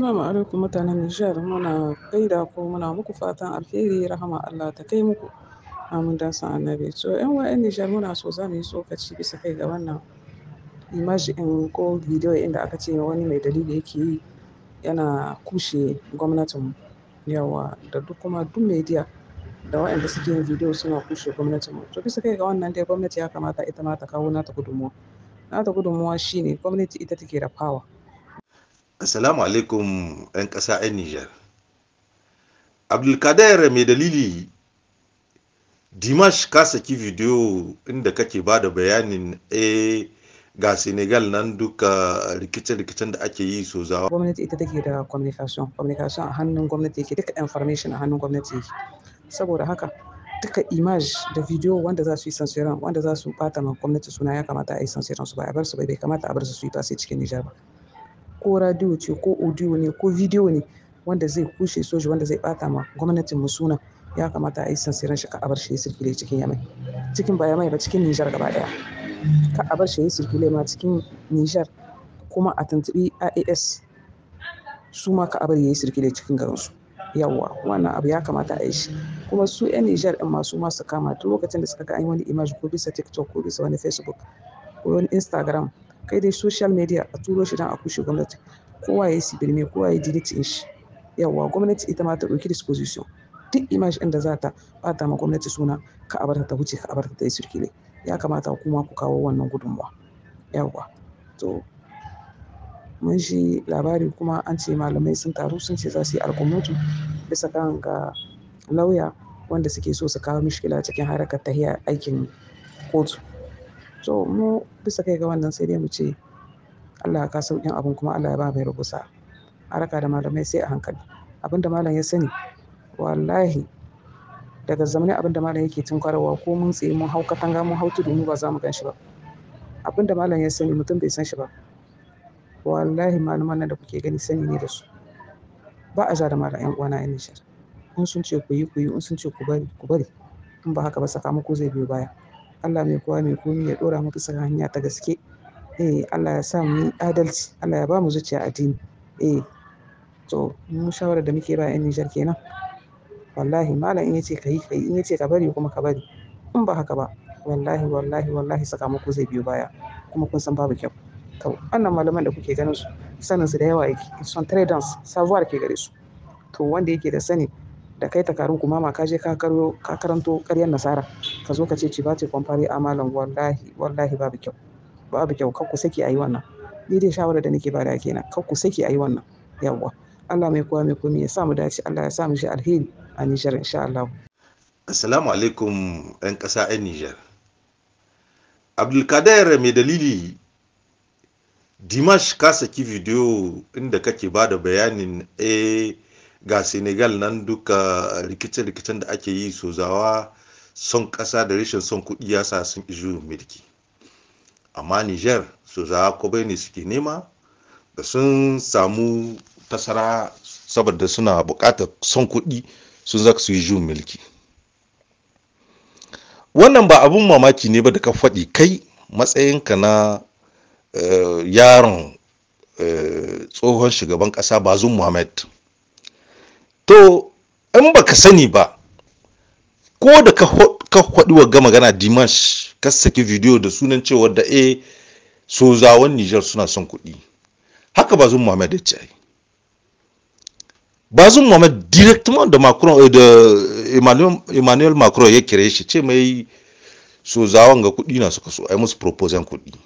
Assalamu alaikum mutanen Nijar muna gaida ko muna muku fatan alheri rahama Allah ta kai muku amin da san annabi so yan wa'yan Nijar muna so za mu yi sokaci bisa kai ga wannan image in ko video inda aka ce wani mai dalili yake yi yana kushe gwamnatin yawa da duk kuma duk media da waɗanda suke yin bidiyo suna kushe gwamnatin mu to bisa kai ga wannan dai gwamnati ya kamata ita ma ta kawo nata gudunmuwa nata gudunmuwa shine gwamnati ita take da power Assalamu alaikum 'yan ƙasa 'yan Nijar. Abdulkader mai dalili Dimash ka saki video inda kake ba da bayanin a eh, ga Senegal nan duka rikice-rikicen da ake yi so zawa. Gwamnati ita take da communication, communication a hannun gwamnati yake, duka information a hannun gwamnati yake. Saboda haka, duka image da video wanda za su yi sansiran, wanda za su bata ma gwamnati suna ya kamata a yi sansiran su ba, a bar su bai kamata a bar su su yi tasiri cikin Nijar ba. ko radio ce ko audio ne ko video ne wanda zai kushe soji wanda zai bata ma gwamnatin mu suna ya kamata a yi sansiran shi ka abar shi sirkule cikin yamai cikin ba yamai ba cikin Nijar gaba daya ka abar shi sirkule ma cikin Nijar kuma a tuntubi AAS su ma ka abar yayi sirkule cikin garin su yawa wannan abu ya kamata a yi shi kuma su yan Nijar din ma su ma su kama duk lokacin da suka ga an yi wani image ko bisa TikTok ko bisa wani Facebook ko wani Instagram kai dai social media a turo shi don a kushe gwamnati kowa ya yi sibil mai kowa ya yi delete in shi yawwa gwamnati ita ma ta ɗauki disposition duk image ɗin da za ta bata ma gwamnati suna ka a ta wuce ka a ta yi sirkile ya kamata kuma ku kawo wannan gudunmuwa yawwa to mun shi labari kuma an ce malamai sun taru sun ce za su yi alkumotu bisa kan ga lauya wanda suke so su kawo mishkila cikin harakar tahiya aikin kotu so mu bisa kai ga wannan sai dai mu ce Allah ka sauƙin abin kuma Allah ya ba mai rubusa raka da malamai sai a hankali abinda malam ya sani wallahi daga zamanin abinda malam yake tunkarwa ko mun tsaye mun hau katanga mun hau tudu mu ba za mu gan shi ba abinda malam ya sani mutum bai san shi ba wallahi malaman nan da kuke gani sani ne da su ba a ja da malam yan uwana yan nishar in sun ce ku yi ku yi in sun ce ku bari ku bari in ba haka ba sakamako zai biyo baya Allah mai kowa mai komi ya ɗora mu bisa hanya ta gaske eh Allah ya sa mu adalci Allah ya ba mu zuciya addini eh to mu shawara da muke ba yan Nijar kenan wallahi malam in yace kai kai in yace ka bari kuma ka bari in ba haka ba wallahi wallahi wallahi sakamako zai biyo baya kuma kun san babu kyau to wannan malaman da kuke ganin su sanin su da yawa yake son traders savoir ke gare su to wanda yake da sani da kai kuma ma ka je ka karanto ƙaryar nasara ka zo ka ce ci bace kwamfari amalan wallahi wallahi babu kyau babu kyau kar ku saki ayi wannan ni dai shawara da nake bada kenan kar ku saki ayi wannan yawwa Allah mai kowa mai komai ya sa mu dace Allah ya sa mu shi alheri a Nijar insha Allah Assalamu alaikum ɗan ƙasa a Nijar Abdulkader mai dalili Dimash ka saki bidiyo inda kake bada bayanin eh ga senegal nan duka eh, rikice-rikicen da ake yi sozawa son ƙasa da rashin son kuɗi ya sa sun izu mulki amma niger sozawa bai ne suke nema da sun samu tasara saboda suna buƙatar son kuɗi sun za su yi juyin mulki wannan ba abun mamaki ne ba da ka faɗi kai matsayinka na eh, yaron eh, tsohon shugaban ƙasa bazum muhammad to in ba ka sani ba ko da ka faɗi wa gama gana dimash ka saki video da sunan cewa da e eh, sozawan nijar suna son kuɗi haka bazum muhammad ya ce bazum muhammad directement da macron eh, da emmanuel macron ya kire shi ce mai sozawan ga kuɗi na suka so ai musu proposal kuɗi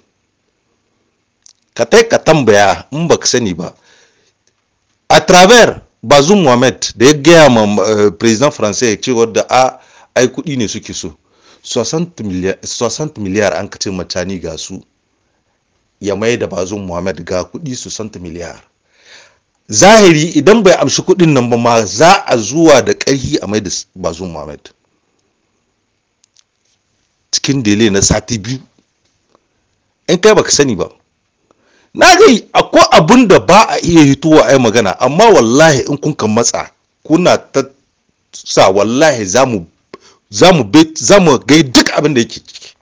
ka tai ka tambaya in ba ka sani ba a travers bazum mohamed da ya gaya ma eh, president faransa ya cewa da a ai kudi ne suke so 60 miliyar an kace matani ga su ya mai da bazum mohamed ga kudi 60 miliyar zahiri idan bai amshi kudin nan ba ma za a zuwa da karhi a mai da bazum mohamed cikin dele na sati biyu in kai baka sani ba na gai akwai abun da ba a iya hitowa ai magana amma wallahi in kun kan matsa kuna ta sa wallahi za mu gai duk abin da yake ciki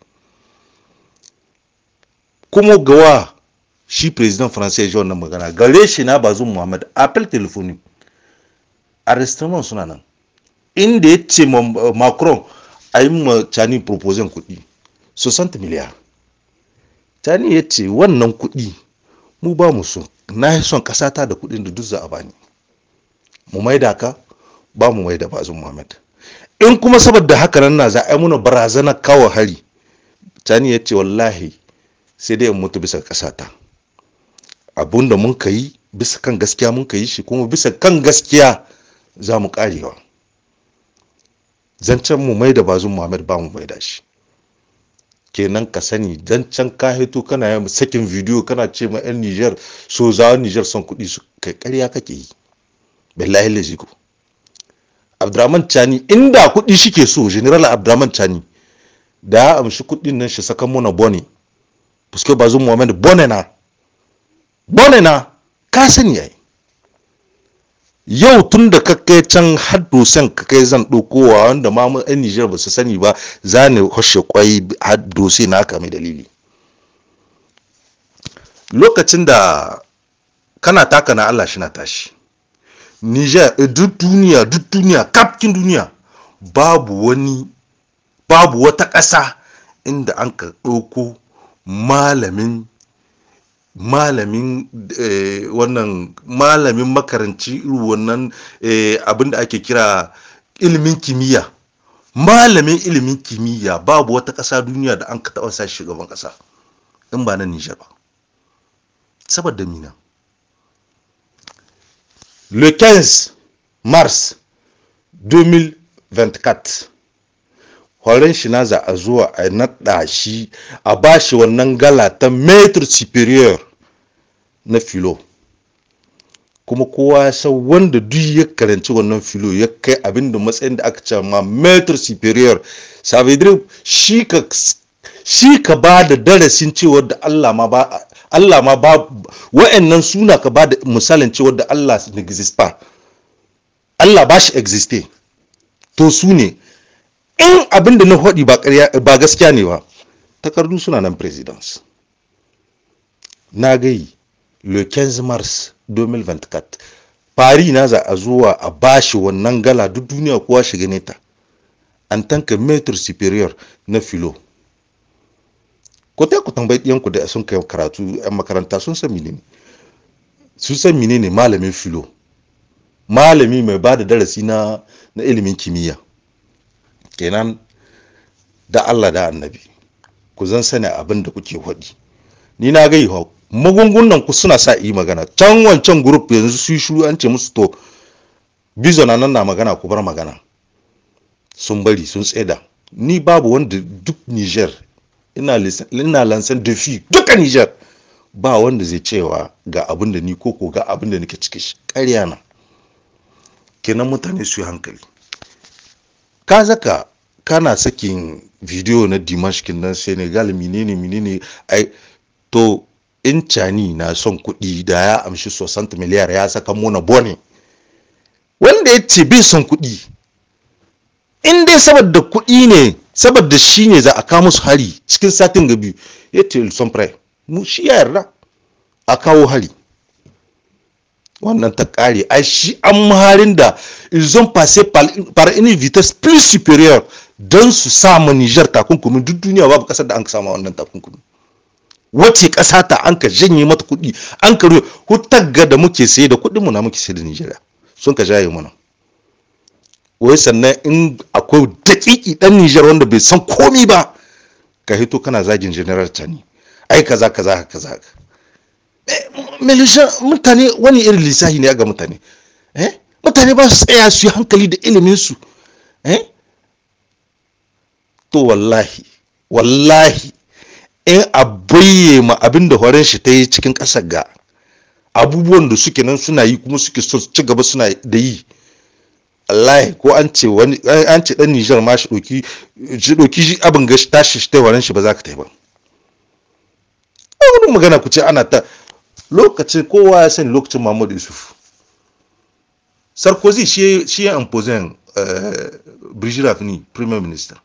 kuma gawa shi president francais john na magana gare shi na bazum muhammad apple telefoni arrestament suna nan inda ya ce macron a yi ma cani proposing kuɗi 60 miliyar chani ya ce wannan kuɗi mu ba mu so na yi son ta da kuɗin da duk za a bani mu maida ka ba mu maida bazin muhammad in kuma saboda haka nan na za a yi muna barazanar kawo hari tani ya ce wallahi sai dai in mutu bisa kasata abun da mun ka yi bisa kan gaskiya mun ka yi shi kuma bisa kan gaskiya za mu karewa zancen mu maida bazin muhammad ba mu maida shi kenan ka sani dan can ka hito kana yin sakin bidiyo kana ce ma yan Niger so zawon Niger son kuɗi su kai ƙarya kake yi billahi laziku Abdurrahman Chani inda kuɗi shike so General Abdurrahman Chani da ya amshi kuɗin nan shi sakan na bone fuske bazum Muhammad bone na bone na ka sani yayi yau tun da ka kai can har dosen ka kai zan ɗaukowa wanda ma mu ɗan Nijar ba su sani ba za ni hoshe kwai har dose na kame dalili lokacin da kana taka na Allah shi na tashi Nijar eh, duk duniya duk duniya kafkin duniya babu wani babu wata ƙasa inda an ka ɗauko malamin malamin eh, wannan malamin makaranci wannan eh, abin da ake kira ilimin kimiyya malamin ilimin kimiyya babu wata ƙasa duniya da an ka taɓa sa shugaban ƙasa in ba na nijar ba saboda mina le 15 mars 2024 horon shi na za a zuwa a naɗa shi a ba shi wannan gala ta metr superior na filo kuma kowa san wanda duk ya karanci wannan filo ya kai abin da matsayin da aka ce ma metr superior savidrib shi ka shi ka ba da darasin cewa da Allah ma ba Allah ma ba wa'annan suna ka ba da misalin cewa da Allah ne exist ba Allah ba shi existe to su ne in abin da na hodi ba gaskiya ne ba takardu suna nan presidence na gai le 15 mars 2024 paris na za a zuwa a bashi wannan gala duk duniya kowa shiga ne ta an tanka metro superior na filo ko ta ku tambayi ɗiyanku da sun kai karatu yan makaranta sun san menene sun san menene malamin filo malami mai ba da darasi na ilimin kimiyya kenan da Allah da annabi ku zan sani abin da kuke faɗi ni na ga hau magungunan ku suna sa yi magana can wancan group yanzu su shuru an ce musu to bizo na nan na magana ku bar magana sun bari sun tsaida ni babu wanda duk Niger ina ina lansan dafi duka Niger ba wanda zai cewa ga abin da ni koko ga abin da nake cikin shi ƙarya na kenan mutane su yi hankali ka zaka kana sakin video na dimash nan senegal menene menene ai to in cani na son kuɗi da ya amshi 60 miliyar ya saka muna bone wanda ya ce bai son kuɗi in dai saboda kuɗi ne saboda shi ne za a kawo musu hari cikin satin gabi ya ce son mu shi ya yarda a kawo hari wannan ta kare a shi an maharin da ils ont passé par vitesse plus superior don su samu Nijar takunkumi duk duniya babu kasar da an samu wannan takunkumi wace kasa ta an ka janye mata kuɗi an ka ga da muke saye da kuɗin na muke saye da Nigeria sun ka jaye mana wai sannan in akwai dakiki ɗan Nijar wanda bai san komi ba ka hito kana zagin general tani ai kaza kaza kaza eh, mai mutane wani irin lissahi ne ga mutane eh? mutane ba su tsaya su hankali da iliminsu eh? to wallahi wallahi in a ma abin da horon shi ta yi cikin ƙasar ga abubuwan da suke nan suna yi kuma suke so ci gaba suna da yi wallahi ko an ce wani an ce dan Niger ma shi doki shi doki abin gashi tashi shi ta horon shi ba za ka ta yi ba wani magana ku ce ana ta lokacin kowa ya sani lokacin muhammad yusuf sarkozy shi ya imposin eh, brigitte rafini premier minister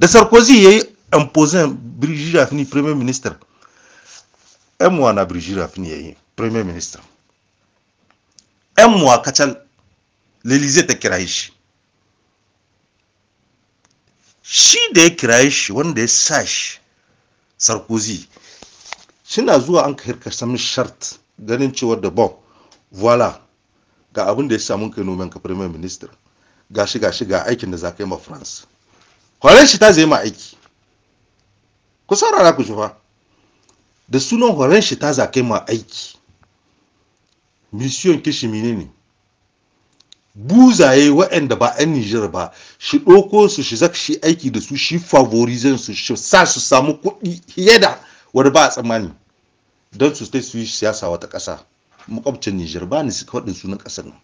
da sarkozy ya yi imposin brigitte rafini premier minister yan na brigitte rafini ya yi premier minister yan muwa kacal lelize ta kira shi shi da ya kira shi wanda ya sa shi sarkozy suna zuwa an ka sami shart ganin cewar da bon voila ga abin da ya samu kai nomen ka premier minister ga shi ga aikin da za ka yi ma france horon shi ta zai ma aiki ku saurara ku fa da sunan horon shi ta za ka yi ma aiki mission kishi ne ne buzaye waɗanda ba 'yan Nijar ba shi ɗoko su shi zaka shi aiki da su shi favorizin su shi sa su samu kuɗi yada. da wani ba tsammani don su su yi siyasa wata ƙasa makwabcin Nijar ba ni faɗin sunan ƙasar nan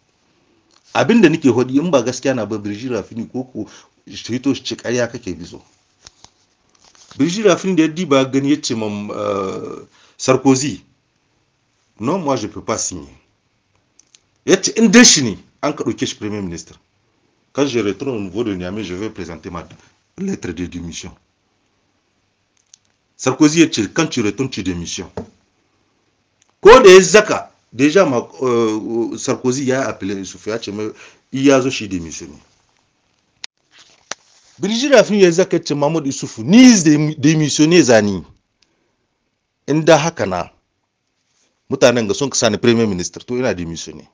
abin da nake hodi in ba gaskiya na ba Birji Rafini ko ko hito shi ƙarya kake bizo Birji Rafini da yaddi ba gani yace mam eh, Sarkozy no moi je peux pas signer yace in dai shi ne an ka ɗauke shi premier minister quand je retourne au niveau de Niamey je vais présenter ma lettre de démission Sarkozy ya ce quand tu retournes tu démissions ko da ya zaka deja ma eh, Sarkozy ya appelé Yusufu ya ce mai iya zo shi démission Birjir Rafin ya zaka ce Mahmud Yusufu ni démissionner zani inda haka na mutanen ga sun kasa ni premier minister to ina démissionner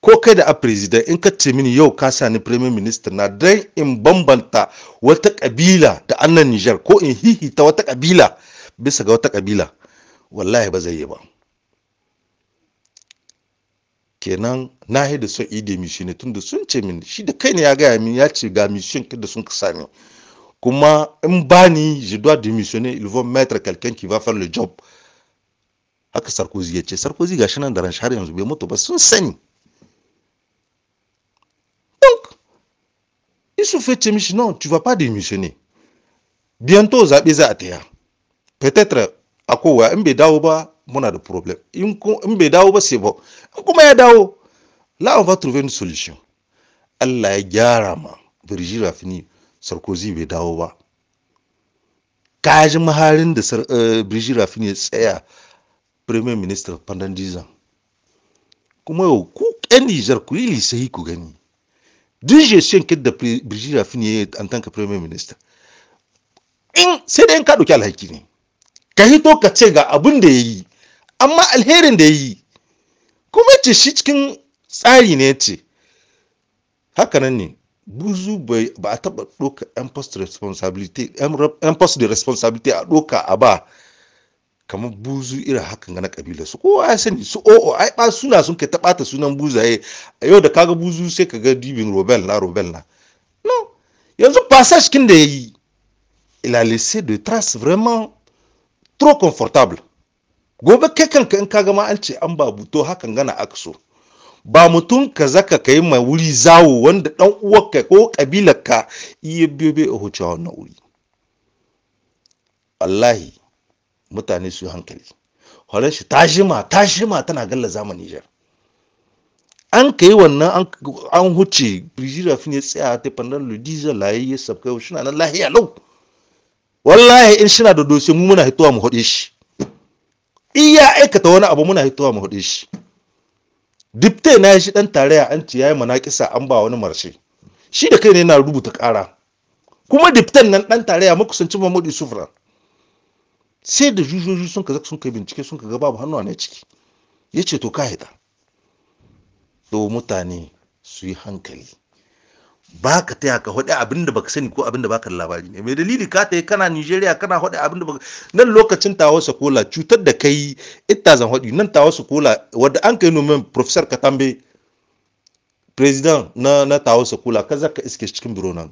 ko kai da a president in ka ce mini yau ka sani premier minister na dan in bambanta wata kabila da annan Niger ko in hihita wata kabila bisa ga wata kabila wallahi ba zai yi ba kenan na yi da son ide mi tunda sun ce min shi da kai ne ya gaya min ya ce ga mission da sun ka sani kuma in bani je dois démissionner ils vont mettre quelqu'un qui va faire le job haka Sarkozy ya ce Sarkozy gashi nan da ran har yanzu bai mutu ba sun sani Ils fait Chemichi, non, tu ne vas pas démissionner. Bientôt, ça za a Peut-être a kowa in bai dawo ba muna da problem. In c'est dawo ba sai ba. In ya dawo, là on va trouver une solution. Allah ya gyara ma Birji Rafini Sarkozy bai dawo ba. Ka ji maharin da euh, Brigitte Rafini c'est tsaya Premier ministre pendant 10 ans. Kuma yau ku 'yan Nijar ku yi lisayi ku gani. duk gestion kin da Brigitte Raffini ya an tanka Premier Minister in sai dai in ka ɗauki alhaki ne ka hito ka ce ga abin da ya yi amma alherin da ya yi kuma ce shi cikin tsari ne ce hakanan ne buzu ba a taba doka yan responsibility responsibility a ɗauka a ba kamar buzu irin hakan na kabila su kowa ya sani su o'o oh, oh, ai ba suna sun kai ta sunan buzaye a yau da kaga buzu sai kaga dibin robel na robel na no yanzu passage kin da yayi il a laissé de traces vraiment trop confortable gobe kai ka in kaga ma an ce an ba buto hakan gana aka so ba mutum ka zaka kai mai wuri zawo wanda dan uwarka ko kabilar ka iya biyo biyo a hucewa wannan wuri wallahi mutane su hankali horon shi ta shima ta shima tana galla zamani. jar an kai wannan an huce Brigitte Raffin ya tsaya ta fandan Ludiza laye ya sabkai wa shina nan lahiya lau wallahi in shina da dosi mu muna hitowa mu hode shi iya aikata wani abu muna hitowa mu hode shi dipte na shi dan tarayya an ci mana kisa an ba wani marshe shi da kai ne yana rubuta kara kuma dipten nan dan tarayya makusancin Mahmud Yusuf Ran sai da jujoji sun ka sun kai bincike sun ka ga babu hannu ne ciki ya ce to ka hita to mutane su yi hankali ba ka taya ka hudu abin da baka sani ko abin da baka labari ne mai dalili ka taya kana nigeria kana haɗe abin da baka nan lokacin sa kola cutar da kai ita zan haɗi nan sa kola wadda an kai nomen professor katambe president na na sa kola ka zaka iske cikin biro nan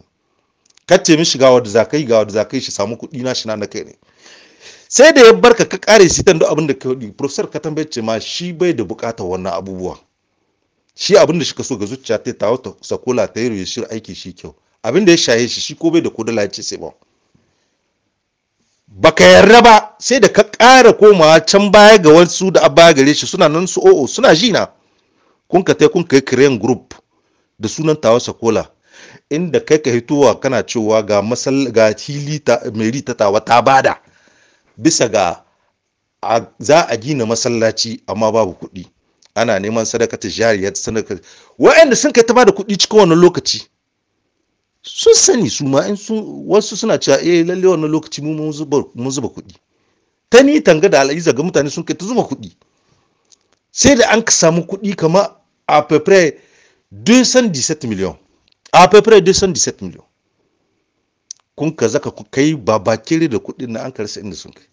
ka ce mi shiga wadda zakai ga wadda zakai shi samu kudi na shi na kai ne sai da ya barka ka kare shi tan abin da ka yi professor ka tambaye ce ma shi bai da bukatar wannan abubuwa shi abin da shi ka so ga zuciya ta tawo ta sakola ta yi shi aiki shi kyau abin da ya shaye shi shi ko bai da kudala ya ce sai ba baka yarda ba sai da ka ƙara komawa can baya ga wasu da abba gare shi suna nan su o'o suna jina kun ka tai kun kai kiran group da sunan tawa sakola inda kai ka hitowa kana cewa ga masal ga hili ta meri ta tawa ta bada bisa ga za a gina masallaci amma babu kuɗi ana neman sadaka ta jariya sadaka wa'anda sun kai ta bada kuɗi cikin wannan lokaci sun sani su ma in sun wasu suna cewa eh lalle wannan lokaci mu mun zuba kuɗi ta ni tanga da al'ajiza ga mutane sun kai ta zuba kuɗi sai da an samu kuɗi kama a peu près 217 million a peu près 217 million kun ka zaka ku kai babakire da kudin na an karsa inda sun kai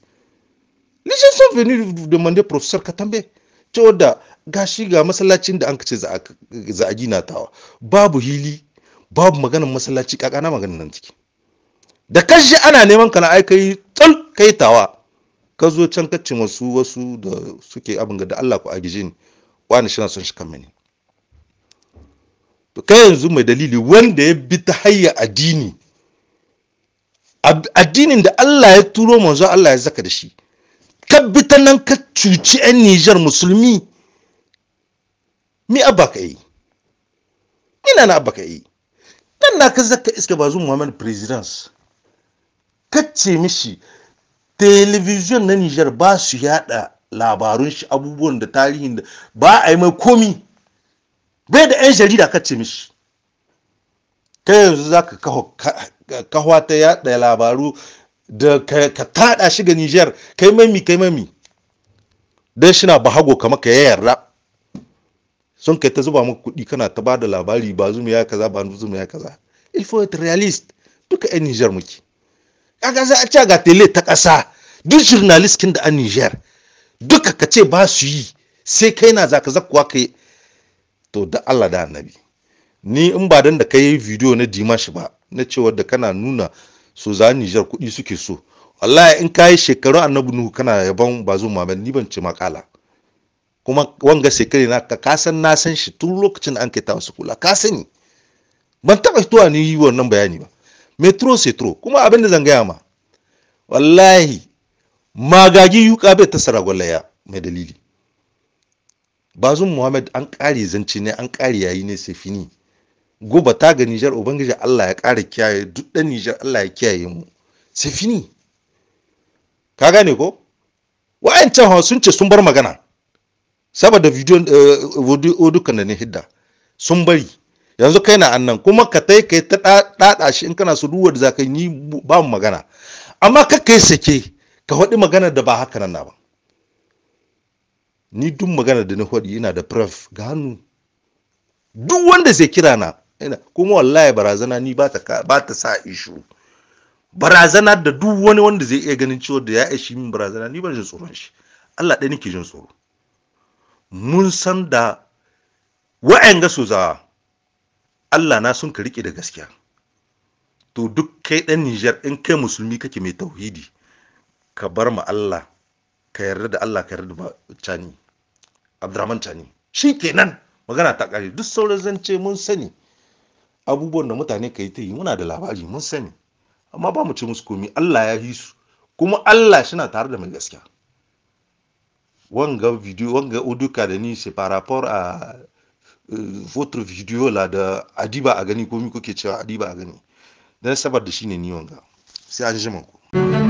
les gens sont venus demander professeur katambe cewa da gashi ga masallacin da an ce za a gina tawa babu hili babu maganin masallaci kakana maganin nan ciki da kashi ana neman ka ai kai tsal kai tawa ka zo can ka ce wasu wasu da suke abin ga da Allah ku agije ni wani shi na son shi kan to kai yanzu mai dalili wanda ya bi ta hayya addini addinin da Allah ya turo manzo Allah ya zaka da shi ka nan ka cuci 'yan Niger musulmi mi abba ka yi ina na abba ka yi dan na ka zaka iska ba bazu Muhammad presidents kace mishi television na Nijar ba su yada labarun shi abubuwan da tarihin da ba a yi mai komi bai da 'yan jarida kace mishi kai yanzu zaka kawo kahwa ta yada labaru da ka tada shi ga Niger kai mami kai mami dan shi na bahago kamar ka yarda sun kai ta zuba maka kuɗi kana ta da labari ba zumi ya kaza ba zumi ya kaza il faut être duka yan Niger muke kaga za a ce ga tele ta ƙasa duk journalist kin da an Niger duka ka ce ba su yi sai kai na zaka zakkuwa kai to da Allah da annabi ni in ba dan da kai video na Dimash ba na cewa da kana nuna so za Niger kuɗi suke so wallahi in kai shekaru annabi nuhu kana yaban bazo Muhammad ni ban ce makala kuma wanga shekare na ka san na san shi tun lokacin an kai ta wasu kula ka sani ban taba fitowa ni yi wannan bayani ba metro setro kuma abin da zan gaya ma wallahi magagi yuka bai ta saragwallaya mai dalili bazum muhammad an kare zance ne an kare yayi ne sai fini gobe ta ga Nijar Ubangiji Allah ya ƙara kiyaye duk ɗan Nijar Allah ya kiyaye mu sai fini ka gane ko wa'ancan sun ce sun bar magana saboda video eh, dukkan da ne hidda sun bari yanzu kai na annan kuma ka tai kai ta ɗaɗa shi in kana su duwar za ka yi ba mu magana amma ka kai sake ka faɗi magana da ba haka nan na ba ni duk magana da na faɗi ina da pref ga hannu duk wanda zai kira na ina kuma wallahi barazana ni ba ta sa ishu barazana da duk wani wanda zai iya ganin cewa da ya ishi min barazana ni ban jin tsoron shi Allah ɗaya nake jin tsoro mun san da su sozawa Allah na sun ka rike da gaskiya to duk kai ɗan Nijar in kai musulmi kake mai tauhidi ka bar ma Allah ka yarda da Allah ka yarda da Cani Abdurrahman Cani shi kenan magana ta kare duk sauran zance mun sani abubuwan da mutane ka yi ta yi muna da labari mun sani amma ba mu ci musu komi Allah ya yi su kuma Allah shi na tare da mai gaskiya wanga video wanga auduka da ni c'est par rapport à euh, votre video la da adiba a gani komi kuke cewa adiba a gani dan saboda shine ni wanga sai an jima ku